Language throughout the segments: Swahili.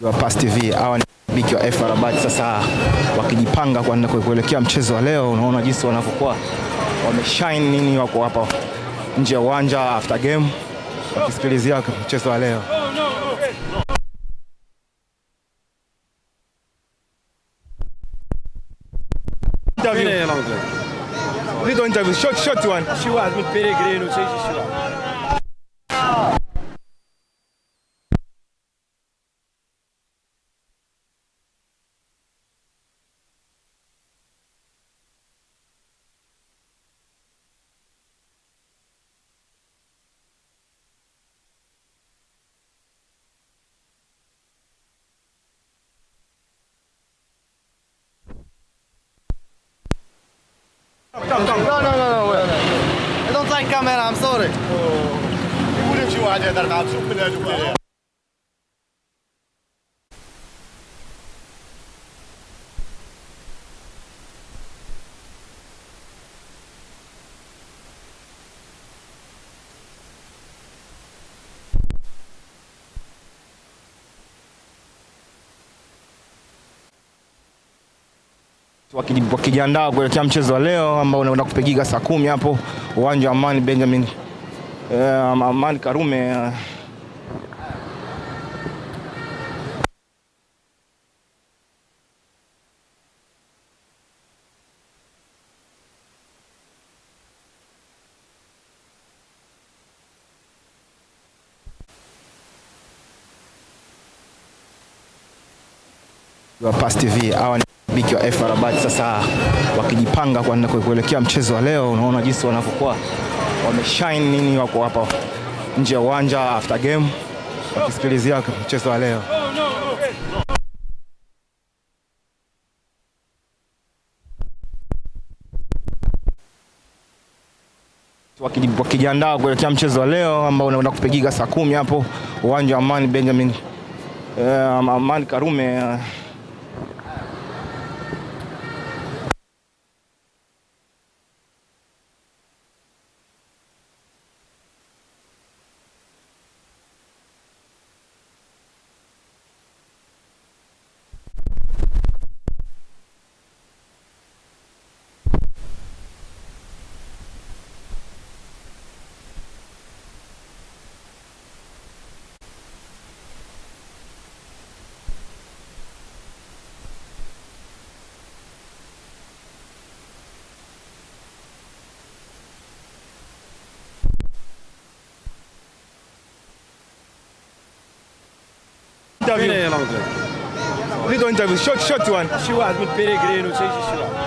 wa Pass TV hawa ni mashabiki wa FAR Rabat. Sasa wakijipanga kwa kuelekea mchezo wa leo, unaona jinsi wanavyokuwa wameshine nini, wako hapa nje ya uwanja after game wakisikilizia mchezo wa leo. Interview. Little Interview. Short, short one. She was with Pellegrino, no, no, no, no. I don't like camera, I'm sorry. Oh. You wouldn't you, I did that. wakijiandaa kuelekea mchezo wa leo ambao unaenda kupigika saa kumi hapo uwanja wa Amani Benjamin uh, Amani Karume uh. Eh. Past TV hawa mashabiki wa FAR Rabat sasa wakijipanga kuelekea mchezo wa leo. Unaona jinsi wanavyokuwa wameshine nini, wako hapa nje ya uwanja after game wakisikilizia mchezo wa leo. wakijiandaa kuelekea mchezo wa leo ambao unaenda kupigika saa kumi hapo uwanja wa Amani Benjamin, eh, Amani Karume eh, interview. don't have un interview. Short, short one. She was with Peregrino, she was.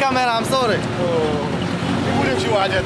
my man. I'm sorry. Oh. Nu putem și oaia de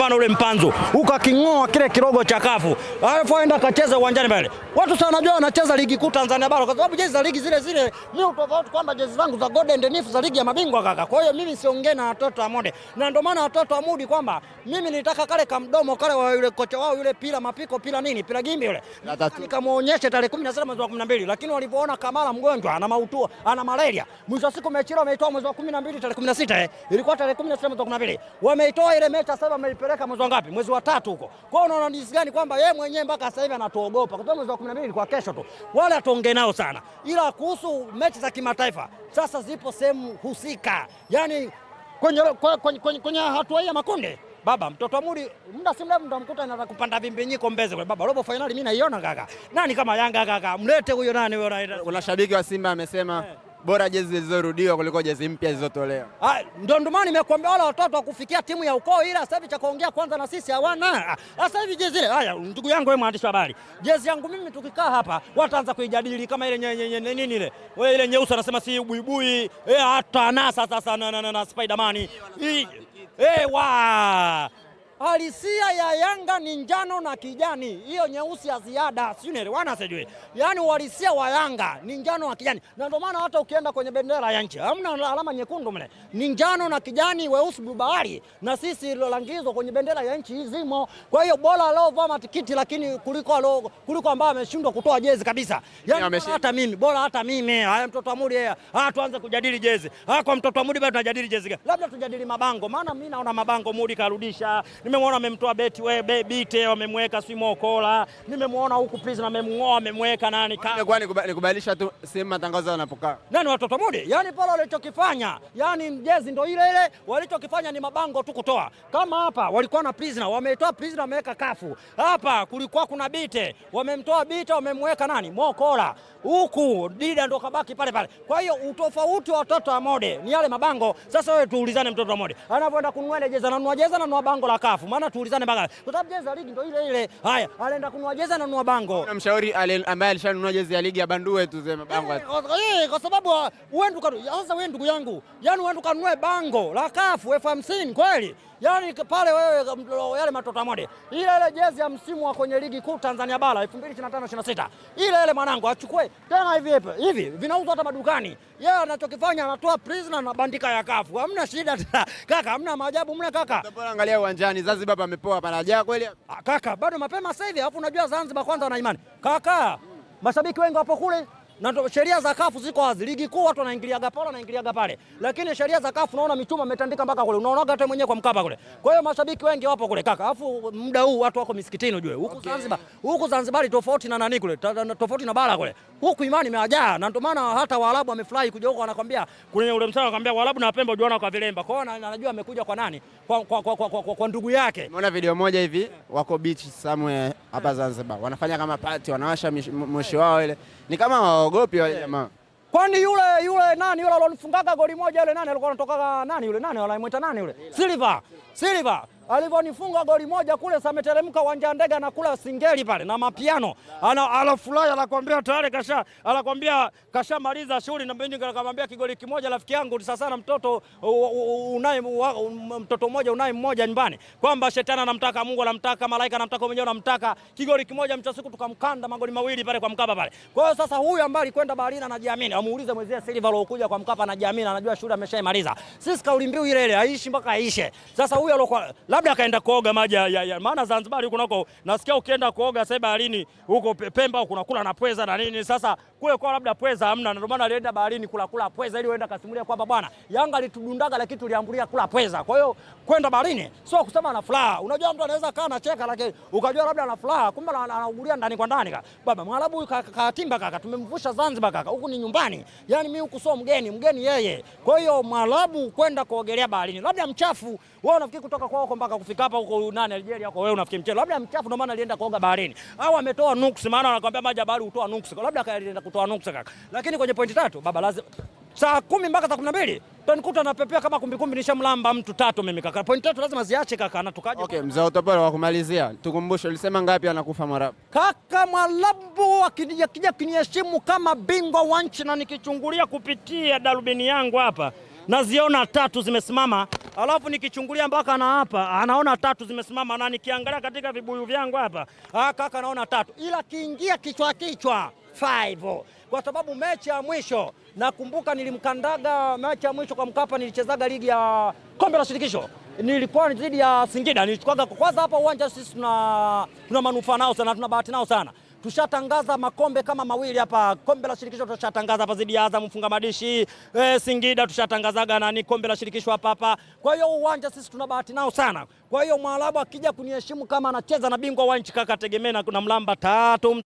mfano ule mpanzo ukaking'oa kile kirogo cha kafu, alafu aenda akacheza uwanjani pale, watu sana wanajua anacheza ligi kuu Tanzania bara, kwa sababu jezi za ligi zile zile. ni tofauti kwamba jezi zangu za Golden and za ligi ya mabingwa kaka. Kwa hiyo mimi siongee na watoto wa mode, na ndio maana watoto wa mudi kwamba mimi nilitaka kale kamdomo kale wa yule kocha wao yule pila mapiko pila nini pila gimbi yule nikamuonyesha tarehe 17 mwezi wa 12, lakini walipoona Kamara mgonjwa ana mautua ana malaria, mwisho wa siku mechi ile wameitoa mwezi wa 12 tarehe 16, eh ilikuwa tarehe 16 mwezi wa 12 wameitoa ile mechi sasa wameipeleka mpaka mwezi wa ngapi? Mwezi wa tatu huko. Kwa hiyo unaona jinsi gani kwamba yeye mwenyewe mpaka sasa hivi anatuogopa, kwa sababu mwezi wa 12 kwa kesho tu, wala hatuongee nao sana, ila kuhusu mechi za kimataifa sasa zipo sehemu husika, Yaani kwenye, kwenye, kwenye, kwenye hatua hii ya makundi Baba mtoto wa Muri muda si mrefu mtamkuta anaanza kupanda vimbinyiko Mbeze kwa baba, robo finali mimi naiona kaka. Nani kama Yanga kaka, mlete huyo nani huyo. Kuna shabiki wa Simba amesema hey. Eh bora jezi zilizorudiwa kuliko jezi mpya zilizotolewa. Ah, ndio ndio maana nimekuambia wala watoto wa kufikia timu ya ukoo, ila sasa hivi cha kuongea kwanza na sisi hawana. Sasa hivi jezi ile, haya ndugu yangu wewe mwandishi wa habari, jezi yangu mimi tukikaa hapa wataanza kuijadili kama ile nini ile, wewe ile nyeusi anasema si buibui, eh hata na sasa na, na Spiderman. Eh wa halisia ya Yanga ni njano na kijani, hiyo nyeusi ya ziada, si unaelewana sijui. Yaani uhalisia wa Yanga ni njano na kijani, na ndio maana hata ukienda kwenye bendera ya nchi hamna alama nyekundu, mle ni njano na kijani, weusi bluu bahari, na sisi ilolangizwa kwenye bendera ya nchi zimo. Kwa hiyo bora aliovaa matikiti, lakini kuliko alo, kuliko ambaye ameshindwa kutoa jezi kabisa. Yaani yeah, hata mimi bora hata mimi haya, mtoto wa yeye, ah, tuanze kujadili jezi ah, kwa mtoto wa Mudi bado tunajadili jezi gani? Labda tujadili mabango, maana mimi naona mabango muri karudisha Nimemwona amemtoa beti we be, bite wamemweka simo kola. Nimemwona huku prison amemngoa amemweka nani ka. Nilikuwa nikubalisha tu sehemu matangazo yanapokaa. Nani watoto mudi? Yaani pale walichokifanya, yani mjezi ndo ile ile walichokifanya ni mabango tu kutoa. Kama hapa walikuwa na prisoner, wametoa prisoner wameweka kafu. Hapa kulikuwa kuna bite, wamemtoa bite wamemweka nani? Mokola. Huku Dida ndo kabaki pale pale. Kwa hiyo utofauti wa watoto wa Mode ni yale mabango. Sasa wewe tuulizane mtoto wa Mode. Anapoenda kununua ile jeza, ananunua jeza na bango la kafu alafu maana tuulizane mpaka kwa ligi ndio ile ile. Haya, alienda kunua jeza na nunua bango. Na mshauri ambaye alishanunua jezi ya ligi abandue tu zema bango. Eh, eh, eh, kwa sababu wewe uh, ndugu, sasa wewe ndugu yangu, yani wewe ndugu kanunue bango la kafu elfu hamsini kweli? yani pale wewe yale matoto amode, ile ile jezi ya msimu wa kwenye ligi kuu Tanzania bara 2025 26 ile ile mwanangu achukue tena hivi hivi, vinauzwa hata madukani. Yeye anachokifanya anatoa prisoner na bandika ya kafu, hamna shida kaka, hamna maajabu mna kaka. Angalia uwanjani Zanzibar pamepoa, panajaa kweli ah, kaka, bado mapema sasa hivi. Alafu unajua Zanzibar kwanza wana imani kaka, mashabiki wengi wapo kule na sheria za kafu ziko wazi. Ligi kuu watu wanaingiliaga pale, wanaingiliaga pale, lakini sheria za kafu naona michuma umetandika mpaka kule, unaonaga hata mwenyewe kwa Mkapa kule. Kwa hiyo mashabiki wengi wapo kule kaka, alafu muda huu watu wako misikitini, ujue huku okay. Zanzibar huku Zanzibar tofauti na nani kule, tofauti na bara kule, huku imani imewajaa, na ndio maana hata Waarabu wamefurahi kuja huko, wanakwambia kwenye ule msao, wanakwambia Waarabu na Wapemba juana kwa vilemba. Kwa hiyo anajua amekuja kwa nani, kwa, kwa, kwa, kwa, kwa, kwa, kwa ndugu yake. Umeona video moja hivi wako beach somewhere hapa Zanzibar, wanafanya kama party, wanawasha moshi wao ile ni kama waogopi wale jamaa. Kwani yule yule nani yule alonifungaga goli moja yule nani alikuwa anatokaga nani yule nani anamwita nani yule? Silva. Silva alivyonifunga goli moja kule sameteremka uwanja wa ndege anakula singeli pale na mapiano ana alafurahi anakwambia tayari kasha anakwambia kashamaliza shughuli na mbenji anakwambia kigoli kimoja rafiki yangu sasa na mtoto unaye mtoto mmoja unaye mmoja nyumbani kwamba shetani anamtaka Mungu anamtaka malaika anamtaka mwenyewe anamtaka kigoli kimoja mchasuku tukamkanda magoli mawili pale kwa Mkapa pale kwa hiyo sasa huyu ambaye alikwenda baharini anajiamini amuulize mwenzie silver alokuja kwa Mkapa anajiamini anajua shughuli ameshaimaliza sisi kauli mbiu ile ile aishi mpaka aishe sasa huyu alokuwa labda akaenda kuoga maji ya, ya, maana Zanzibar huko nako nasikia ukienda kuoga sasa baharini huko Pemba huko nakula na pweza na nini. Sasa kule kwa labda pweza hamna, ndio maana alienda baharini kula kula pweza, ili uenda kasimulia kwamba bwana Yanga alitudundaga lakini tuliambulia kula pweza. Kwa hiyo kwenda baharini sio kusema na furaha. Unajua mtu anaweza kaa anacheka, lakini ukajua labda ana furaha, kumbe anaugulia ndani kwa ndani. baba Mwarabu huyu kaatimba kaka, tumemvusha Zanzibar kaka, huku ni nyumbani. Yani mimi huku sio mgeni, mgeni yeye. Kwa hiyo Mwarabu kwenda kuogelea baharini, labda mchafu Wewe unafikiri kutoka kwao kwamba mpaka kufika hapa huko nani Algeria huko, wewe unafikia mchele, labda mchafu, ndio maana alienda kuoga baharini, au ametoa nuksi, maana anakuambia maji ya bahari hutoa nuksi, labda akaenda kutoa nuksi kaka. Lakini kwenye pointi tatu baba, lazima saa kumi mpaka saa kumi na mbili utanikuta napepea kama kumbikumbi, nishamlamba mtu tatu mimi kaka. Pointi tatu lazima ziache kaka, na tukaje. Okay, mzee utapara, wa kumalizia, tukumbushe ulisema ngapi anakufa Mwarabu? Kaka Mwarabu akija kiniheshimu kama bingwa wa nchi na nikichungulia kupitia darubini yangu hapa naziona tatu zimesimama, alafu nikichungulia mpaka na hapa anaona tatu zimesimama, na nikiangalia katika vibuyu vyangu hapa ah, kaka naona tatu, ila kiingia kichwa kichwa five, kwa sababu mechi ya mwisho nakumbuka nilimkandaga mechi ya mwisho kwa Mkapa, nilichezaga ligi ya kombe la shirikisho nilikuwa dhidi ya Singida, nilichukaga kwanza hapa uwanja. Sisi tuna, tuna manufaa nao sana, tuna bahati nao sana Tushatangaza makombe kama mawili hapa, kombe la shirikisho tushatangaza hapa zidi ya Azam madishi e, eh, Singida tushatangazaga nani kombe la shirikisho hapa hapa. Kwa hiyo uwanja sisi tuna bahati nao sana. Kwa hiyo Mwarabu akija kuniheshimu kama anacheza na bingwa wa nchi kaka, tegemea na mlamba tatu